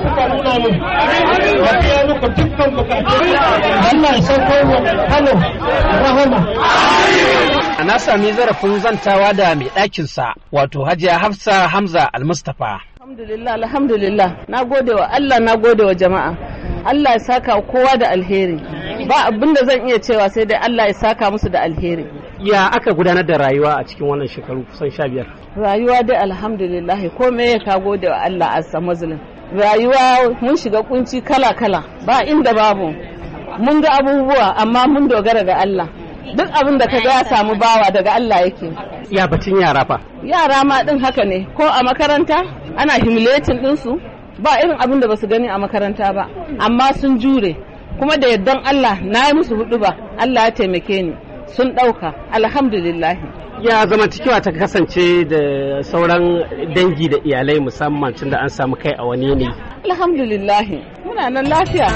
da nuna mu biya muku dukkan bukatu Kano rahama na sami zarafin zantawa da mai ɗakinsa wato Hajiya Hafsa Hamza almustafa Alhamdulillah alhamdulillah na gode wa Allah na gode wa jama'a Allah ya saka kowa da alheri ba abin da zan iya cewa sai dai Allah ya saka musu da alheri ya aka gudanar da rayuwa a cikin wannan shekaru kusan sha biyar rayuwa dai alhamdulillah ko me ka gode wa Allah azza mazlum rayuwa mun shiga kunci kala-kala ba inda babu mun ga abubuwa amma mun dogara ga Allah duk abin da ka ga ya samu bawa daga Allah yake ya batun yara fa yara ma din haka ne ko a makaranta ana humiliating ɗinsu ba irin abin da basu gani a makaranta ba amma sun jure kuma da yardan Allah na yi musu hudu ba Allah ya taimake ni sun ɗauka alhamdulillahi ya zama cikiwa ta kasance da sauran dangi da iyalai musamman tunda an samu kai a wani yanayi alhamdulillahi muna nan lafiya